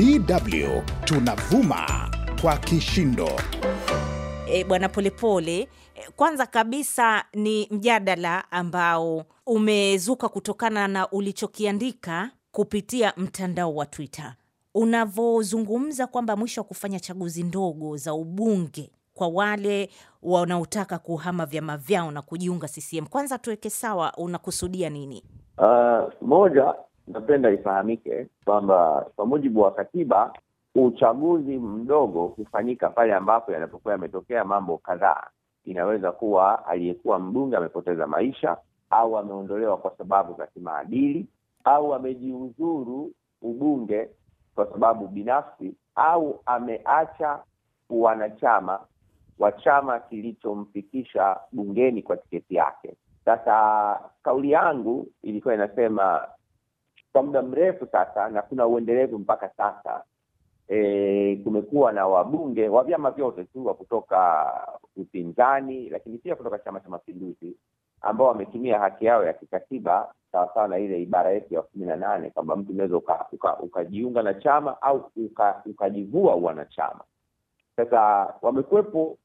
DW tunavuma kwa kishindo. E, Bwana Polepole, e, kwanza kabisa ni mjadala ambao umezuka kutokana na ulichokiandika kupitia mtandao wa Twitter unavyozungumza kwamba mwisho wa kufanya chaguzi ndogo za ubunge kwa wale wanaotaka kuhama vyama vyao na kujiunga CCM. Kwanza tuweke sawa, unakusudia nini? Uh, moja napenda ifahamike kwamba kwa mujibu wa katiba uchaguzi mdogo hufanyika pale ambapo yanapokuwa yametokea mambo kadhaa. Inaweza kuwa aliyekuwa mbunge amepoteza maisha au ameondolewa kwa sababu za kimaadili au amejiuzuru ubunge kwa sababu binafsi au ameacha wanachama wa chama kilichomfikisha bungeni kwa tiketi yake. Sasa kauli yangu ilikuwa inasema kwa muda mrefu sasa na kuna uendelevu mpaka sasa e, kumekuwa na wabunge wa vyama vyote tu wa kutoka upinzani lakini pia kutoka Chama cha Mapinduzi ambao wametumia haki yao ya kikatiba sawasawa na ile ibara yetu ya kumi na nane kwamba mtu unaweza ukajiunga uka, uka na chama au ukajivua uka wanachama. Sasa wamekuwepo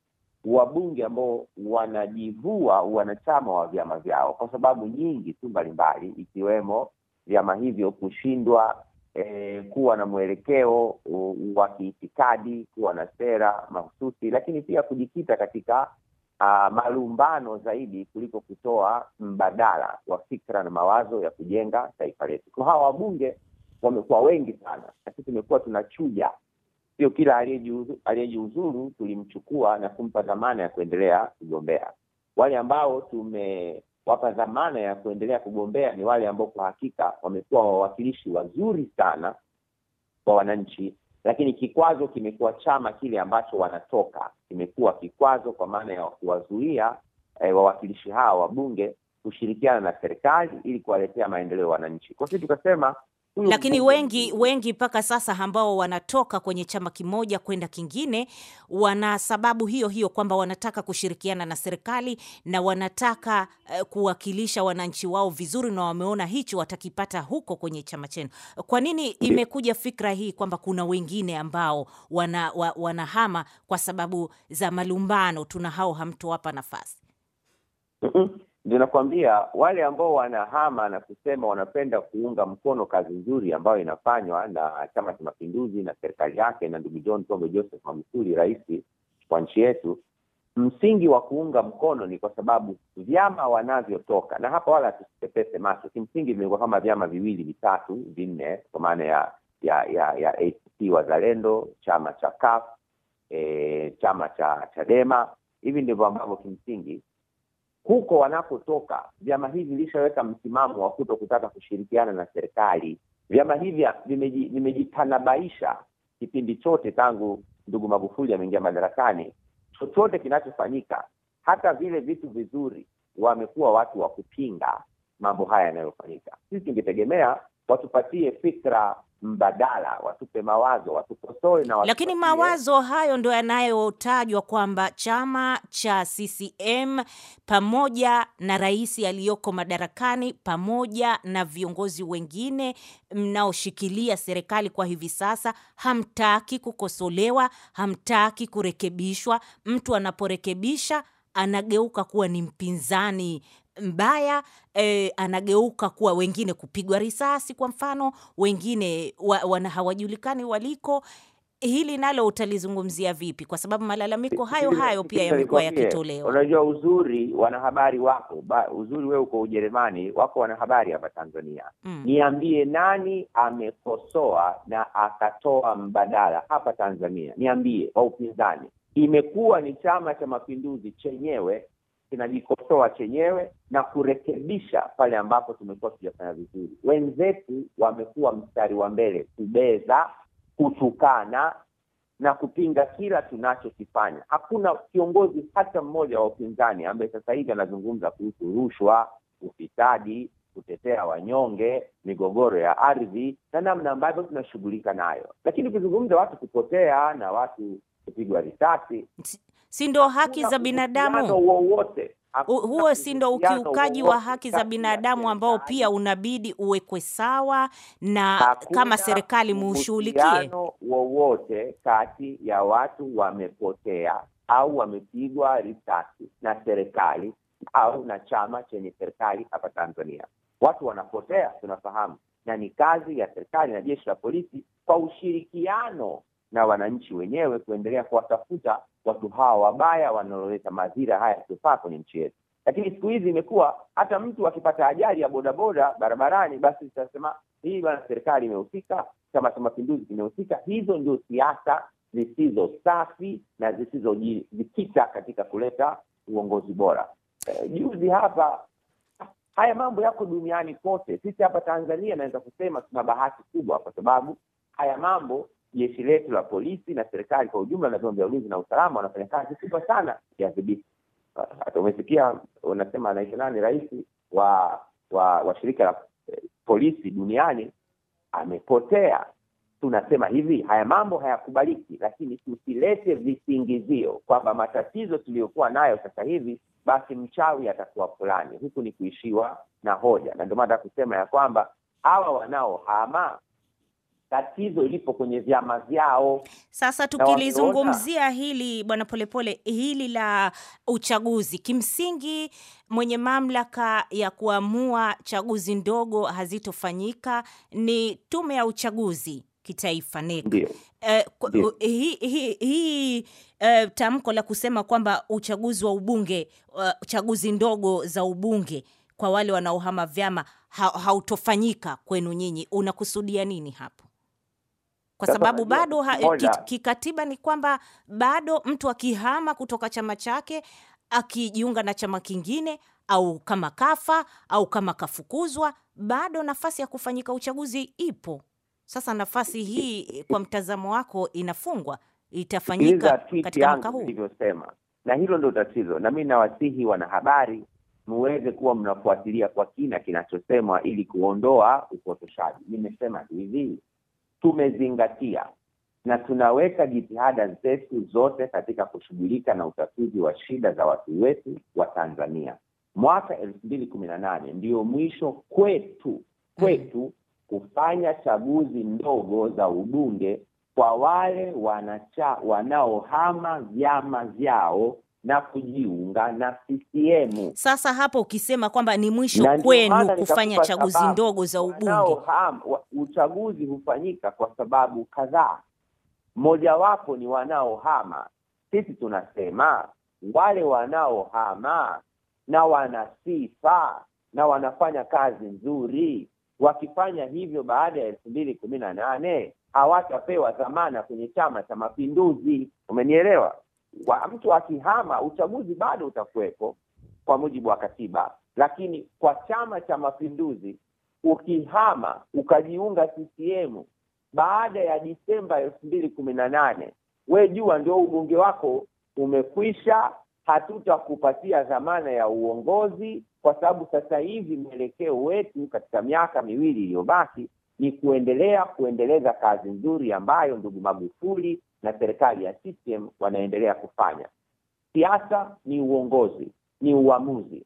wabunge ambao wanajivua wanachama wa vyama vyao kwa sababu nyingi tu mbalimbali, ikiwemo vyama hivyo kushindwa e, kuwa na mwelekeo wa kiitikadi, kuwa na sera mahususi, lakini pia kujikita katika ah, malumbano zaidi kuliko kutoa mbadala wa fikra na mawazo ya kujenga taifa letu. Kwa hawa wabunge wamekuwa wengi sana, na sisi tumekuwa tunachuja, sio kila aliyejiuzuru tulimchukua na kumpa dhamana ya kuendelea kugombea. Wale ambao tume wapa dhamana ya kuendelea kugombea ni wale ambao kwa hakika wamekuwa wawakilishi wazuri sana kwa wananchi, lakini kikwazo kimekuwa chama kile ambacho wanatoka, kimekuwa kikwazo kwa maana ya kuwazuia e, wawakilishi hawa wa bunge kushirikiana na serikali ili kuwaletea maendeleo wananchi. Kwa hiyo tukasema lakini wengi wengi mpaka sasa ambao wanatoka kwenye chama kimoja kwenda kingine, wana sababu hiyo hiyo kwamba wanataka kushirikiana na serikali na wanataka uh, kuwakilisha wananchi wao vizuri, na wameona hicho watakipata huko kwenye chama chenu. Kwa nini imekuja fikra hii kwamba kuna wengine ambao wana, wa, wanahama kwa sababu za malumbano, tuna hao hamtowapa nafasi? Mm -mm ndio nakwambia wale ambao wanahama na kusema wanapenda kuunga mkono kazi nzuri ambayo inafanywa na Chama cha Mapinduzi na serikali yake na ndugu John Pombe Joseph Magufuli, rais wa nchi yetu, msingi wa kuunga mkono ni kwa sababu vyama wanavyotoka, na hapa wala hatusipepese macho, kimsingi vimekuwa kama vyama viwili vitatu vinne, kwa maana ya ya ya ya ACT Wazalendo, chama cha kaf e, eh, chama cha Chadema. Hivi ndivyo ambavyo kimsingi huko wanakotoka vyama hivi vilishaweka msimamo wa kuto kutaka kushirikiana na serikali. Vyama hivi vimejitanabaisha kipindi chote tangu ndugu Magufuli ameingia madarakani, chochote kinachofanyika, hata vile vitu vizuri, wamekuwa watu wa kupinga mambo haya yanayofanyika. Sisi tungetegemea watupatie fikra mbadala, watupe mawazo, watukosoe na watu. Lakini mawazo hayo ndo yanayotajwa kwamba chama cha CCM pamoja na rais aliyoko madarakani pamoja na viongozi wengine mnaoshikilia serikali kwa hivi sasa, hamtaki kukosolewa, hamtaki kurekebishwa. Mtu anaporekebisha anageuka kuwa ni mpinzani mbaya e, anageuka kuwa wengine kupigwa risasi kwa mfano, wengine wa, wana hawajulikani waliko. Hili nalo utalizungumzia vipi? Kwa sababu malalamiko hayo hayo pia yamekuwa yakitolewa. Unajua, uzuri wanahabari wako ba, uzuri wewe uko Ujerumani, wako wanahabari hapa Tanzania mm. Niambie nani amekosoa na akatoa mbadala hapa Tanzania? Niambie, kwa upinzani. Imekuwa ni Chama cha Mapinduzi chenyewe kinajikosoa chenyewe na kurekebisha pale ambapo tumekuwa tujafanya vizuri. Wenzetu wamekuwa mstari wa mbele kubeza, kutukana na kupinga kila tunachokifanya. Hakuna kiongozi hata mmoja wa upinzani ambaye sasa hivi anazungumza kuhusu rushwa, ufisadi, kutetea wanyonge, migogoro ya ardhi na namna ambavyo tunashughulika nayo, lakini ukizungumza watu kupotea na watu kupigwa risasi si ndo haki za binadamu wowote huo si ndo ukiukaji wa haki za binadamu ambao pia unabidi uwekwe sawa na kama serikali muushughulikie wowote kati ya watu wamepotea au wamepigwa risasi na serikali au na chama chenye serikali hapa Tanzania. Watu wanapotea tunafahamu, na ni kazi ya serikali na jeshi la polisi kwa ushirikiano na wananchi wenyewe kuendelea kuwatafuta watu hawa wabaya wanaoleta madhira haya yasiyofaa kwenye nchi yetu. Lakini siku hizi imekuwa hata mtu akipata ajali ya bodaboda barabarani, basi tutasema hii bwana, serikali imehusika, Chama cha Mapinduzi kimehusika. Hizo ndio siasa zisizo safi na zisizojikita katika kuleta uongozi bora. E, juzi hapa haya mambo yako duniani kote. Sisi hapa Tanzania naweza kusema tuna bahati kubwa, kwa sababu haya mambo jeshi letu la polisi na serikali kwa ujumla na vyombo vya ulinzi na usalama wanafanya kazi kubwa sana ya dhibiti. Hata umesikia unasema anaitwa nani, rais wa wa, wa shirika la eh, polisi duniani amepotea. Tunasema hivi, haya mambo hayakubaliki, lakini tusilete visingizio kwamba matatizo tuliyokuwa nayo sasa hivi basi mchawi atakuwa fulani. Huku ni kuishiwa na hoja, na ndio maana kusema ya kwamba hawa wanaohama tatizo ilipo kwenye vyama vyao. Sasa tukilizungumzia hili bwana Polepole, hili la uchaguzi, kimsingi mwenye mamlaka ya kuamua chaguzi ndogo hazitofanyika ni tume ya uchaguzi kitaifa NEC. Uh, hii hi, hi, uh, tamko la kusema kwamba uchaguzi wa ubunge uh, chaguzi ndogo za ubunge kwa wale wanaohama vyama ha, hautofanyika kwenu nyinyi, unakusudia nini hapo? kwa sababu bado ha, eh, kikatiba ni kwamba bado mtu akihama kutoka chama chake akijiunga na chama kingine au kama kafa au kama kafukuzwa, bado nafasi ya kufanyika uchaguzi ipo. Sasa nafasi hii eh, kwa mtazamo wako inafungwa, itafanyika katika mwaka huu ilivyosema na hilo ndio tatizo. Na mimi nawasihi wanahabari muweze kuwa mnafuatilia kwa kina kinachosemwa ili kuondoa upotoshaji. Nimesema hivi tumezingatia na tunaweka jitihada zetu zote katika kushughulika na utatuzi wa shida za watu wetu wa Tanzania. Mwaka elfu mbili kumi na nane ndio mwisho kwetu kwetu kufanya chaguzi ndogo za ubunge kwa wale wanacha wanaohama vyama vyao na kujiunga na CCM. Sasa hapo ukisema kwamba ni mwisho kwenu kufanya chaguzi ndogo za ubunge, uchaguzi hufanyika kwa sababu kadhaa, mojawapo ni wanaohama. Sisi tunasema wale wanaohama na wana sifa na wanafanya kazi nzuri, wakifanya hivyo baada ya elfu mbili kumi na nane hawatapewa dhamana kwenye Chama cha Mapinduzi. Umenielewa? wa mtu akihama, uchaguzi bado utakuwepo kwa mujibu wa katiba, lakini kwa Chama cha Mapinduzi ukihama ukajiunga CCM baada ya Disemba elfu mbili kumi na nane we jua ndio ubunge wako umekwisha, hatutakupatia dhamana ya uongozi, kwa sababu sasa hivi mwelekeo wetu katika miaka miwili iliyobaki ni kuendelea kuendeleza kazi nzuri ambayo ndugu Magufuli na serikali ya CCM wanaendelea kufanya. Siasa ni uongozi, ni uamuzi,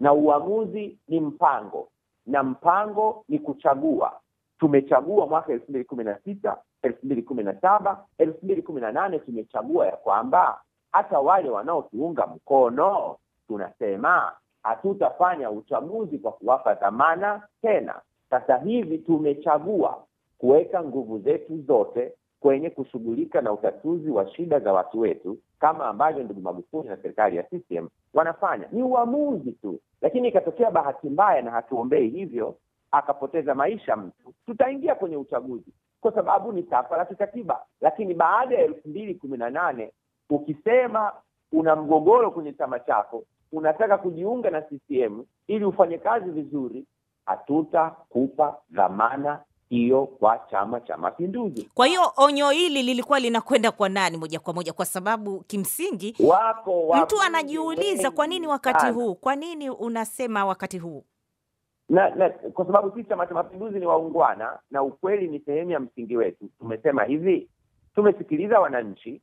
na uamuzi ni mpango, na mpango ni kuchagua. Tumechagua mwaka elfu mbili kumi na sita elfu mbili kumi na saba elfu mbili kumi na nane tumechagua ya kwamba hata wale wanaotuunga mkono tunasema hatutafanya uchaguzi kwa kuwapa dhamana tena. Sasa hivi tumechagua kuweka nguvu zetu zote kwenye kushughulika na utatuzi wa shida za watu wetu, kama ambavyo ndugu Magufuli na serikali ya CCM wanafanya. Ni uamuzi tu, lakini ikatokea bahati mbaya, na hatuombei hivyo, akapoteza maisha mtu, tutaingia kwenye uchaguzi kwa sababu ni takwa la kikatiba. Lakini baada ya elfu mbili kumi na nane ukisema una mgogoro kwenye chama chako, unataka kujiunga na CCM ili ufanye kazi vizuri hatutakupa dhamana hiyo kwa Chama cha Mapinduzi. Kwa hiyo onyo hili lilikuwa linakwenda kwa nani moja kwa moja? Kwa sababu kimsingi wako, wako mtu anajiuliza kwa nini wakati huu, kwa nini unasema wakati huu na, na kwa sababu sisi Chama cha Mapinduzi ni waungwana, na ukweli ni sehemu ya msingi wetu. Tumesema hivi, tumesikiliza wananchi,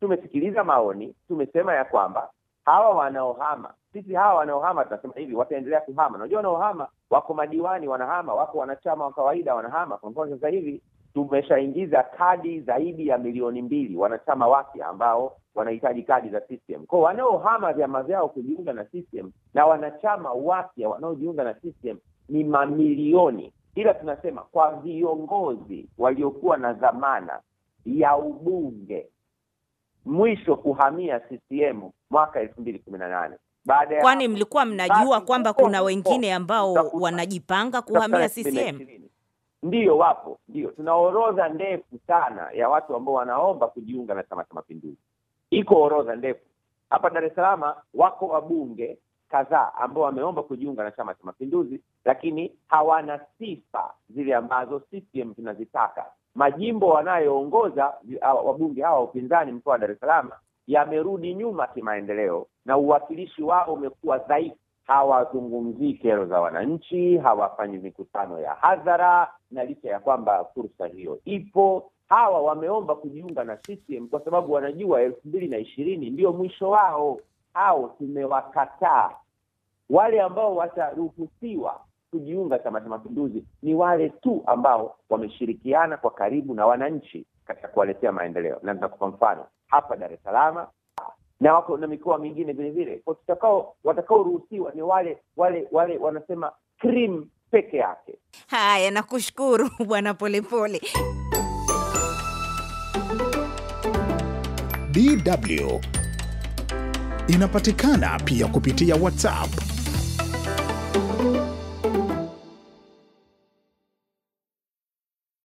tumesikiliza maoni, tumesema ya kwamba hawa wanaohama sisi hawa wanaohama tunasema hivi, wataendelea kuhama. Unajua wanaohama wako madiwani wanahama, wako wanachama wa kawaida wanahama. Kwa mfano sasa hivi tumeshaingiza kadi zaidi ya milioni mbili wanachama wake ambao wanahitaji kadi za CCM. ko wanaohama vyama vyao kujiunga na CCM na wanachama wapya wanaojiunga na CCM ni mamilioni, ila tunasema kwa viongozi waliokuwa na dhamana ya ubunge mwisho kuhamia CCM mwaka elfu mbili kumi na nane Kwani mlikuwa mnajua kwamba kuna wengine ambao wanajipanga kuhamia CCM? Ndiyo, wapo, ndio. Tuna orodha ndefu sana ya watu ambao wanaomba kujiunga na Chama cha Mapinduzi. Iko orodha ndefu hapa Dar es Salaam. Wako wabunge kadhaa ambao wameomba kujiunga na Chama cha Mapinduzi, lakini hawana sifa zile ambazo CCM zinazitaka. Majimbo wanayoongoza wabunge hawa wa upinzani mkoa wa Dar es Salaam yamerudi nyuma kimaendeleo na uwakilishi wao umekuwa dhaifu. Hawazungumzii kero za wananchi, hawafanyi mikutano ya hadhara, na licha ya kwamba fursa hiyo ipo, hawa wameomba kujiunga na CCM kwa sababu wanajua elfu mbili na ishirini ndio mwisho wao. Hao tumewakataa. Wale ambao wataruhusiwa kujiunga Chama cha Mapinduzi ni wale tu ambao wameshirikiana kwa karibu na wananchi katika kuwaletea maendeleo. Na nitakupa mfano hapa Dar es Salaam na wako na mikoa mingine vile vile. Kwa tutakao watakaoruhusiwa ni wale wale wale wanasema cream peke yake. Haya, nakushukuru Bwana Polepole. DW inapatikana pia kupitia WhatsApp